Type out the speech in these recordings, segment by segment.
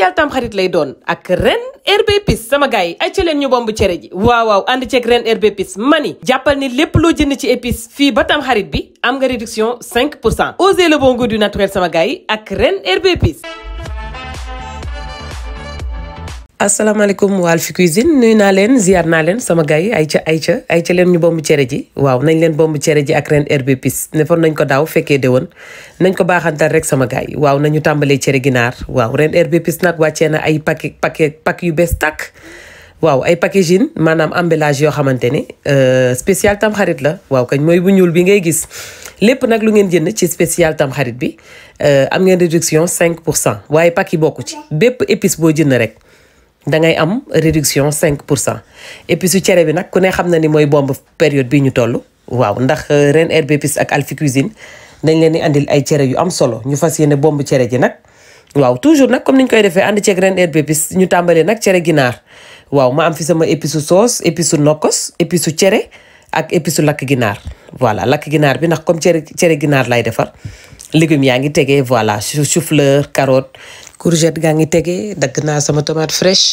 spécial tamxarit lay doon ak ren herbe épice sama gars yi ay ca leen ñu bomb cere ji waaw waaw ànd ceeg ren herbe épice mani jàppal ni lépp loo jënd ci épice fii ba tamxarit bi am nga réduction 5 pour cent osez le bon goût du naturel sama gars yi ak ren herbe épice asalaamaaleykum waa Alphie nuyu naa leen ziar naa leen sama gars yi ayca ayca ayca leen ñu bomb cere ji waaw nañ leen bomb cere ji ak ren herbe épice nañ ko daaw fekkee déwoon nañ ko baaxantal rek sama gars yi waaw nañu tàmbalee cere ginaar waaw ren herbe épice nag wàccee na ay paquet paquet pack yu bees tàkk waaw ay packaging maanaam emballage yoo xamante ne euh, spécial tam la waaw kañ mooy bu ñuul bi ngay gis lépp nag lu ngeen jënd ci spécial tam xarit bi euh, am ngeen réduction 5 pour cent waaye pack yi bokku ci bépp épice boo jënd rek da ngay am réduction cinq pour cent et puis su cere bi nag ku ne xam na ni mooy bomb période bii ñu toll waaw ndax euh, ren RB Piste ak Alphie Cuisine dañ leen di andil ay cere yu am solo ñu fas yéene bomb cere ji nag waaw toujours nag comme ni ñu koy defee ànd ceeg ren RB Piste tàmbalee nag cere ginaar waaw ma am fi sama épice su soos épice su nokkos épice su cere ak épice su lakk ginaar voilà lakk ginaar bi ndax comme cere cere ginaar lay defar légumes yaa ngi tegee voilà chou-fleur carotte courgette gaa ngi tege dagg naa sama tomate fraîche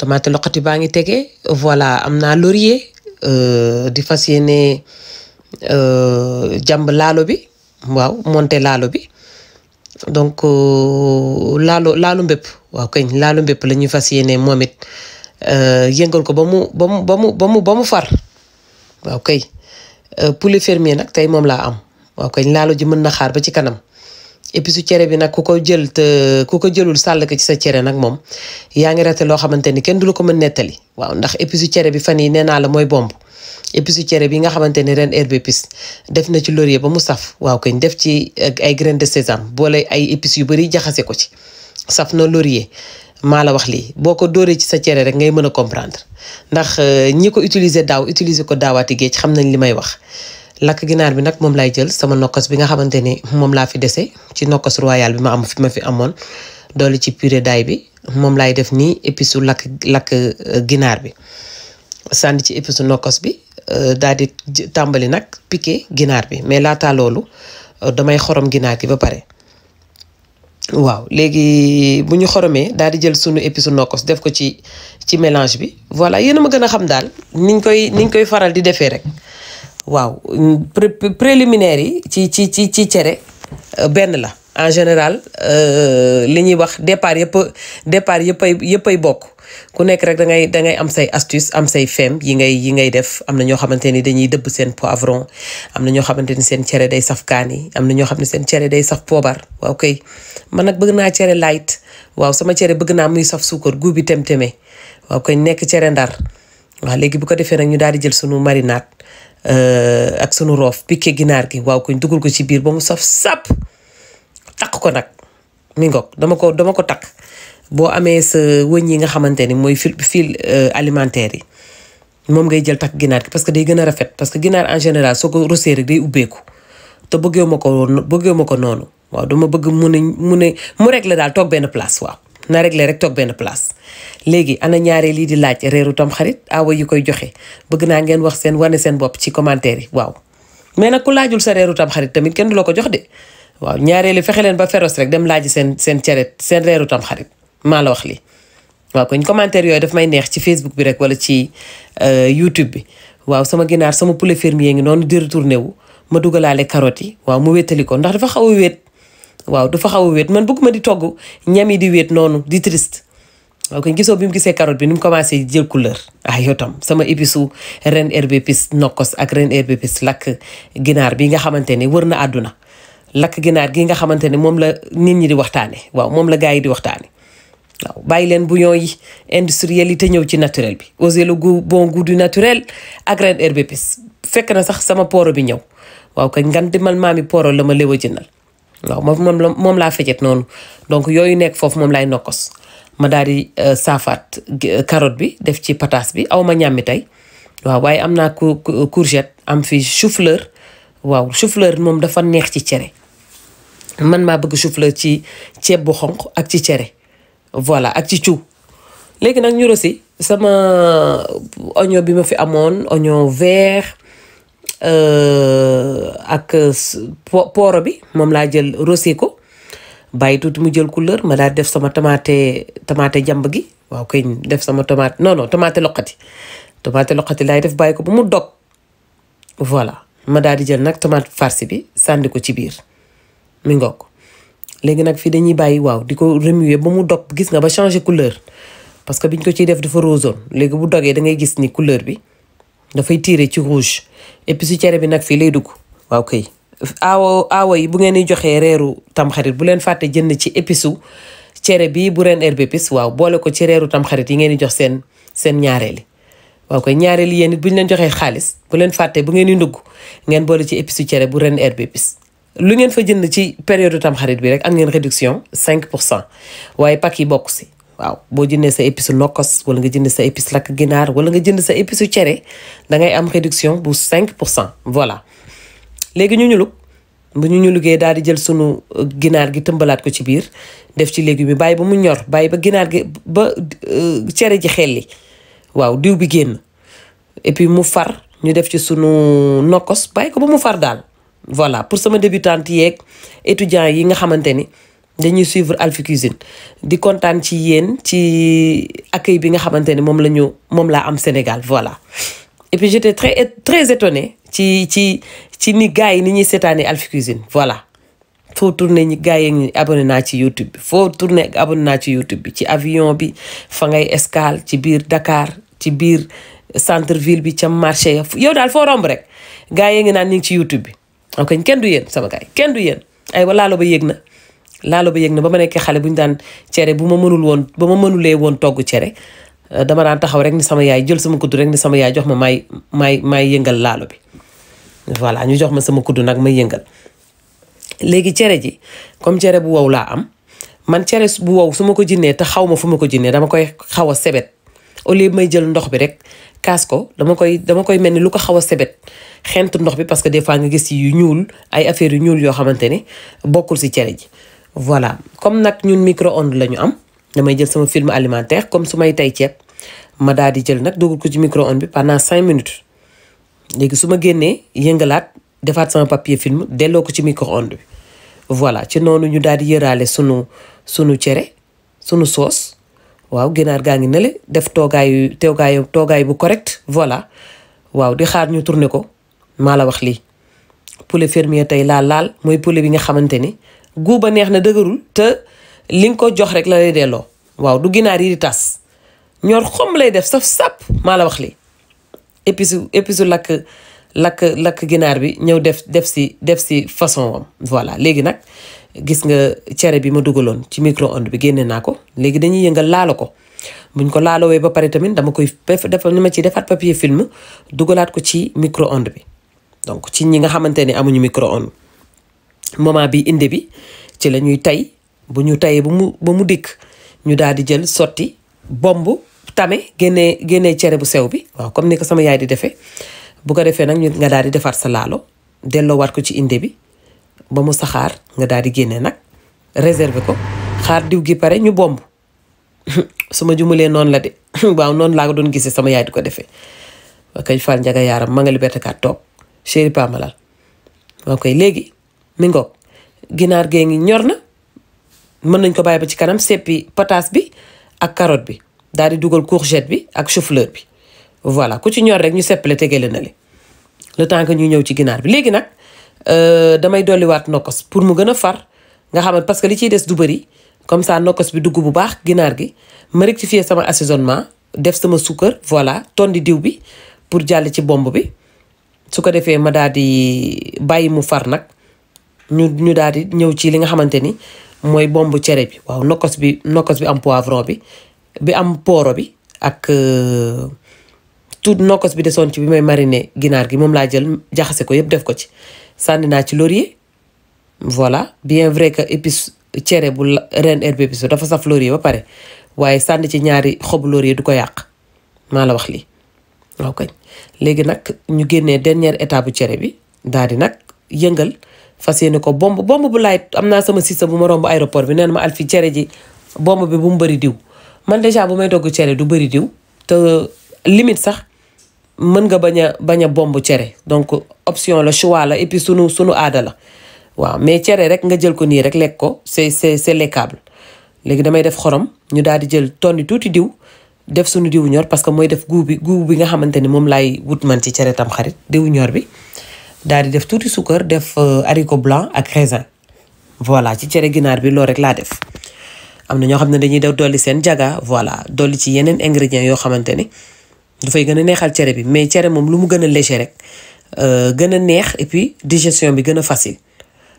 tomate loqati baa ngi tege voilà am naa laurier euh, di fas yéene euh, jàmb laalo bi waaw monter laalo bi donc euh, laalo laalu mbépp waaw kañ laalu mbépp la ñuy fas yéene moom it yëngal ko ba mu ba mu far waaw kay poulet fermier nag tey moom laa am waaw kañ laalo ji mën na xaar ba ci kanam épice cere bi nag ku ko jël te ku ko jëlul sàll ko ci sa cere nag moom yaa ngi rate loo xamante ni kenn du la ko mën nettali waaw ndax épice cere bi fan yi nee naa mooy bomb épice cere bi nga xamante ni ren herbe épice def na ci laurier ba mu saf waaw kañ def ci ay graines de boole ay épices yu bari jaxase ko ci saf na laurier maa la wax lii boo ko dooree ci sa cere rek ngay mën a comprendre ndax euh, ñi ko utiliser daaw utiliser ko daawaati géej xam nañ li may wax lakk ginaar bi nag moom laay jël sama nokkos bi nga xamante ni moom laa fi dese ci nokkos royal bi ma am fi ma fi amoon doole ci pure d'ail bi moom laay def nii épice lakk lakk euh, ginaar bi sànni ci épice nokkos bi euh, daal di tàmbali nag piqué ginaar bi mais laataa loolu euh, damay xorom ginaar gi ba pare. waaw léegi bu ñu xoromee daal di jël sunu épice nokkos def ko ci ci mélange bi voilà yéen a ma gën a xam daal niñ koy niñ koy faral di defee rek. waaw préliminaire yi ci ci ci ci cere euh, benn la en général euh, li ñuy wax départ yëpp départ yëppay yëppay bokk ku nekk rek da ngay da ngay am say astuce am say fem yi ngay yi ngay def am na ñoo xamante ni dañuy dëbb seen poivron am na ñoo xamante ni seen cere day saf kaani am na ñoo xam ne seen cere day saf poobar waaw kay man nag bëgg naa cere light waaw sama cere bëgg naa muy saf suukar guubi tem-teme waaw kay nekk cere ndar waaw léegi bu ko defee nag ñu daal di jël suñu marinade Euh, ak sunu roof piqué ginaar ki waaw koñ dugal ko ci biir ba mu saf sap taq ko nag mi dama ko dama ko takk boo amee sa wëñ yi nga xamante ni mooy fil fil euh, alimentaire yi moom ngay jël takk ginaar gi parce que day gën a rafet parce que ginaar en général soo ko rosee rek day ubbeeku te bëggee ma ko bëggee ma ko noonu waaw dama bëgg mu ne mu ne mu rek la daal toog benn place waaw na réglé rek toog benn place léegi ana ñaare lii di laaj reeru tam xarit awa yu koy joxe bëgg naa ngeen wax seen wane seen bopp ci commentaire yi waaw. mais nag ku laajul sa reeru tam xarit tamit kenn du ko jox de waaw ñaareelu fexe leen ba féroce rek dem laaji seen seen cere seen reeru tam xarit maa la wax lii. waaw kon commentaire yooyu daf may neex ci Facebook bi rek wala ci euh, YouTube bi waaw sama ginaar sama poulet fermier ngi noonu di retourné wu ma dugalaale carotte yi waaw mu wétali ko ndax dafa xaw a waaw dafa xaw a wéet man bëgguma di togg ñam yi di wéet noonu di triste waaw kon gisoo bi mu gisee carotte bi ni mu commencé jël couleur ah yow sama épice ren herbe épice nokkos ak ren herbe épice lakk ginaar bi nga xamante ne wër na àdduna lakk ginaar gi nga xamante ne moom la nit ñi di waxtaane waaw moom la gars yi di waxtaane waaw bàyyi leen bu yi industriel ñëw ci naturel bi osez le gu bon goût du naturel ak ren herbe épice fekk na sax sama poro bi ñëw waaw kay ngan di man maami poro la ma léew a jëndal waaw moom la moom laa fejet noonu donc yooyu nekk foofu moom laay nokkos ma daal di euh, saafaat karoot euh, bi def ci pataas bi aw ma ñàmmi tey waaw waaye am naa courgette am fi chou waaw chou moom dafa neex ci cere man maa bëgg chou ci ceeb bu xonq ak ci cere voilà ak ci ciw léegi nag ñu rosi sama euh, oignon bi ma fi amoon oignon vert Euh, ak pooro bi moom laa jël rosé ko bàyyi tuuti mu jël couleur ma daal def sama tomate tomate jàmb gi waaw kay def sama tomate non non tomate loqati tomate loqati laay def bàyyi ko ba mu dog voilà ma daal di jël nag tomate farce bi sànni ko ci biir mu ngoog léegi nag fii dañuy bàyyi waaw di ko remuer ba mu dog gis nga ba changer couleur parce que biñ ko ciy def dafa rosoon léegi bu dogee da ngay gis ni couleur bi dafay tiire ci rouge et cere bi nag fii lay dugg waaw kay aawo yi bu ngeen di joxee reeru tamxarit bu leen fàtte jënd ci épisu cere bi bu ren herbe épice waaw boole ko ci reeru tamxarit yi ngeen di jox seen seen ñaareeli waaw koy ñaareeli yéen bu ñu leen joxee xaalis bu leen fàtte bu ngeen di ndugg ngeen boole ci épisu cere bu ren herbe épice lu ngeen fa jënd ci période tamxarit bi rek am ngeen réduction 5 pour cent waaye pak yi bokk si waaw boo jëndee sa épice lokos wala nga jënd sa épice lakk ginaar wala nga jënd sa épice cere da ngay am réduction bu 5 pour cent voilà léegi ñu ñulug bu ñu ñu ñulugee daal di jël sunu euh, ginaar gi tëmbalaat ko ci biir def ci légumes yi bàyyi ba mu ñor bàyyi ba ginaar gi ba euh, cere ji xelli waaw diw bi génn et puis mu far ñu def ci sunu nokkos bàyyi ko ba mu far daal voilà pour sama débutante yeeg étudiant yi nga xamante ni dañuy suivre Alphie Cuisine di kontaan ci yéen ci accueil bi nga xamante ne moom la ñu moom laa am Sénégal voilà et puis j'étais très très ci ci ci ni gars yi ni ñuy seetaanee Alphie Cuisine voilà foo tourné ñi gars yi abonné naa ci YouTube bi foo tourné ci YouTube bi ci avion bi fa ngay escale ci biir Dakar ci biir centre ville bi ca marché ya yow daal foo romb rek gars yi ngi naan ñu ngi ci YouTube bi ok kenn du yéen sama kenn du yéen ay walaalo ba yéeg na. laalo ba yëg na ba ma nekkee xale bu ñu daan cere bu ma mënul woon ba ma mënulee woon togg cere euh, dama daan taxaw rek ni sama yaay jël sama kudd rek ni sama yaay jox ma maay maay maay yëngal laalo bi voilà ñu jox ma sama kudd nag may yëngal léegi cere ji comme cere bu wow laa am man cere bu wow su ma ko jinnee te xaw ma fu ma ko jinnee dama koy xaw a sebet au lieu may jël ndox bi rek kaas ko dama koy dama koy mel ni lu ko xaw a sebet xent ndox bi parce que des fois nga gis yu ñuul ay affaire yu ñuul yoo xamante ne bokkul si cere ji voilà comme nag ñun micro-ondes la ñu am damay jël sama film alimentaire comme su may tey ceeb ma daal di jël nag dugal ko ci micro-ondes bi pandant cinq minutes léegi su ma génnee yëngalaat defaat sama papier film delloo ko ci micro onde bi voilà ci noonu ñu daal di yëraale sunu sunu cere sunu soos waaw ginaar gaa ngi nele def toogaayu toogaayu toogaay bu correct voilà waaw di xaar ñu tourné ko maa la wax lii poulet fermier tey laal laal mooy poulet bi nga xamante ni guuba neex na dëgërul te li nga ko jox rek la lay delloo waaw du ginaar yi di tas ñor xom lay def saf sap maa la wax li épice épice lakk lakk lakk ginaar bi ñëw def def si def si façon wam voilà léegi nag gis nga cere bi ma dugaloon ci micro-onde bi génne naa ko léegi dañuy yëngal laalo ko muñ ko laalowee ba pare tamit dama koy dafa ni ma ci defaat papier film dugalaat ko ci micro-onde bi donc ci ñi nga xamante ni amuñu micro-onde moment bi inde bi ci la ñuy tay bu ñu tayee ba mu ba mu dikk ñu daal di jël sotti bomb tame génnee génnee cere bu sew bi waaw comme ni ko sama yaay di defee bu ko defee nag ñu nga daal di defar sa laalo delloo waat ko ci inde bi ba mu saxaar nga daal di génnee nag réserver ko xaar diw gi pare ñu bomb su ma jumulee noonu la de waaw noonu laa ko doon gisee sama yaay di ko defee waa kay Fall Njaga yaaram ma nga Liberté 4 toog chéri Pamalal waa koy léegi mi ngoog ginaar gee ngi ñor na mën nañ ko bàyyi ba ci kanam seppi pataas bi ak carotte bi daal di dugal courgette bi ak chou bi voilà ku ci ñor rek ñu seppale tegele na le le temps que ñuy ñëw ci ginaar bi léegi nag euh, damay dolliwaat nokkos pour mu gën a far nga xamante parce que li ciy des du bëri comme ça nokkos bi dugg bu baax ginaar gi ma rectifier sama assaisonnement def sama suukar voilà tondi diw bi pour jàll ci bomb bi su ko defee ma daal di bàyyi mu far nag ñu ñu daal di ñëw ci li nga xamante ni mooy bombu cere bi waaw nokkos bi nokkos bi am poivron bi bi am pooro bi ak euh, tout nokkos bi desoon ci bi may marine ginaar gi moom laa jël jaxase ko yëpp def ko ci sànni naa ci laurier voilà bien vrai que épice cere bu ren herbe épice dafa saf laurier ba pare waaye sànni ci ñaari xobu laurier du ko yàq maa la wax lii waaw kañ léegi nag ñu génnee dernière étape bu cere bi daal di nag yëngal fas yéene ko bomb bomb bu laay am naa sama sista bu ma romb aéroport bi neen ma Alfi cere ji bomb bi bu mu bëri diw man dèjà bu may togg cere du bëri diw te limite sax mën nga bañ bañ a bomb cere donc option la choix la et puis sunu sunu waaw mais cere rek nga jël ko nii rek lekk ko c'est c'est c'est léegi damay def xorom ñu daal di jël tonni tuuti diw def sunu diw ñor parce que mooy def guub bi guub bi nga xamante ni moom laay wut man ci cere tam xarit diw ñor bi daal di def tuuti suukar def euh, haricot blanc ak raisin voilà ci cere ginaar bi loolu rek laa def. am na ñoo xam ne dañuy def dolli seen jaga voilà dolli ci yeneen ingrédients yoo xamante ni dafay gën a neexal cere bi mais cere moom lu mu gën a léger rek euh, gën a neex et puis digestion bi gën a facile.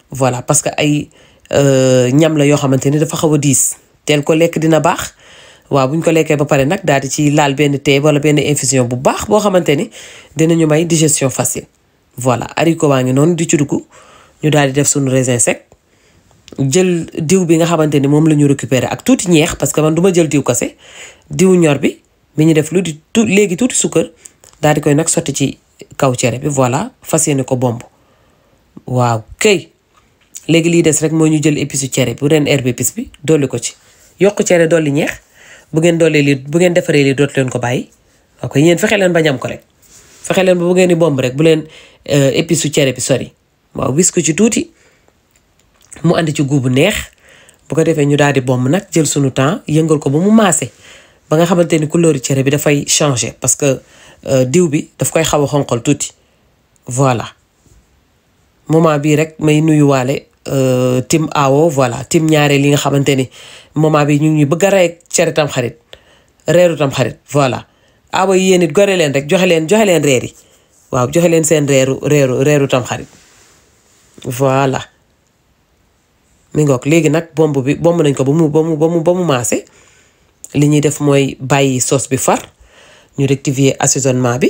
voilà parce que ay euh, ñam la yoo xamante ni dafa xaw a diis teel ko lekk dina baax waaw buñ ko lekkee ba pare nag daal di ci laal benn thé wala benn infusion bu baax boo xamante ni dinañu may digestion facile. voilà haricot baa ngi noonu di ci dugg ñu daal di def suñu raisin sec jël diw bi nga xamante ni moom la ñu récupérer ak tuuti ñeex parce que man du jël diw kase diw ñor bi mi ñu def lu di tu léegi tuuti sukkar daal di koy nag sotti ci kaw cere bi voilà fas yéene ko bomb waaw kay léegi lii des rek mooy ñu jël épice cere bu ren herbe épice bi dolli ko ci yokk cere dolli ñeex bu ngeen dollee lii bu ngeen defaree lii dootu leen ko bàyyi ok yéen fexe leen ba ko rek leen ba épices euh, su cere bi sori waaw wis ko ci tuuti mu ànd ci guubu neex bu ko defee ñu daal di bomb nag jël suñu temps yëngal ko ba mu maase ba nga xamante ni couleur cere bi dafay changer parce que euh, diw bi daf koy xaw a xonqal tuuti voilà moment bii rek may nuyuwaale euh, tim awo voilà tim ñaareel li nga xamante ni moment bi ñu ngi bëgg a rey cere tam xarit reeru tam xarit voilà awo yi yéen it gore leen rek joxe leen joxe leen reer yi waaw joxe leen seen reeru reeru reeru tamxarit voilà mi ngoog léegi nag bomb bi bomb nañ ko ba mu ba mu ba mu maase li ñuy def mooy bàyyi sauce bi far ñu rectifier assaisonnement bi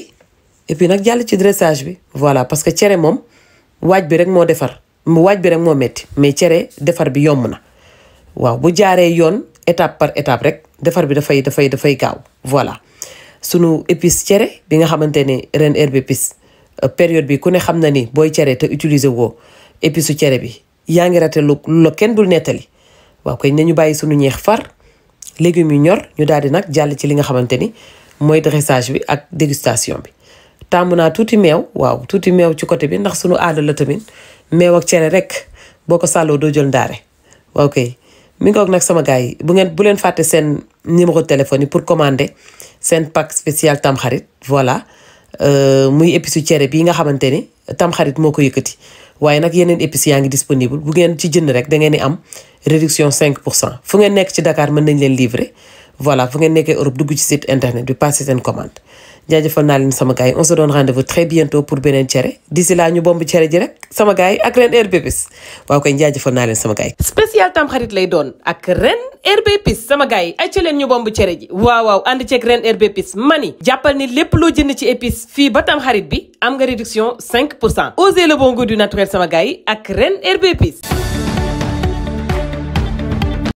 et puis nag jàll ci dressage bi voilà parce que cere moom waaj bi rek moo defar waaj bi rek moo metti mais cere defar bi yomb na waaw bu jaaree yoon étape par étape rek defar bi dafay dafay dafay gaaw voilà sunu épice cere bi nga xamante ne ren herbe épice euh, période bi ku ne xam na ni booy cere te utiliser woo épice su cere bi yaa ngi rate lu la kenn dul nettali waaw kay nañu bàyyi sunu ñeex far légumes yu ñor ñu daal di nag jàll ci li nga xamante ni mooy dressage bi ak dégustation bi tàmm naa tuuti meew waaw tuuti meew ci côté bi ndax sunu aada la tamit meew ak cere rek boo ko sàlloo doo jël ndaare waaw kay mi nag sama gars yi bu ngeen bu leen fàtte seen numéro téléphone yi pour commander seen pack spécial tamxarit voilà euh, muy épices yu cere bii nga xamante ni tamxarit moo ko yëkkati waaye nag yeneen épices yaa ngi disponible bu ngeen ci jënd rek da ngeen di am réduction 5 pour cent fu ngeen nekk ci Dakar mën nañ leen livrer voilà fu ngeen nekkee Europe dugg ci site internet bi passé seen commande jaajëfal naa leen sama gars yi on se donne rendez-vous très bientôt pour beneen cere d'ici là ñu bomb cere ji rek sama gars yi ak Reen Herbes Épices waaw koy naa leen sama gars yi spécial Tamxarit lay doon ak Reen Herbes sama gars yi ay ca leen ñu bomb cere ji waaw waaw ànd ceeg ren Herbes Épices mani jàppal ni lépp loo jënd ci épices fii ba Tamxarit bi am nga réduction 5 pour cent osez le bon goût du naturel sama gars yi ak ren Herbes Épices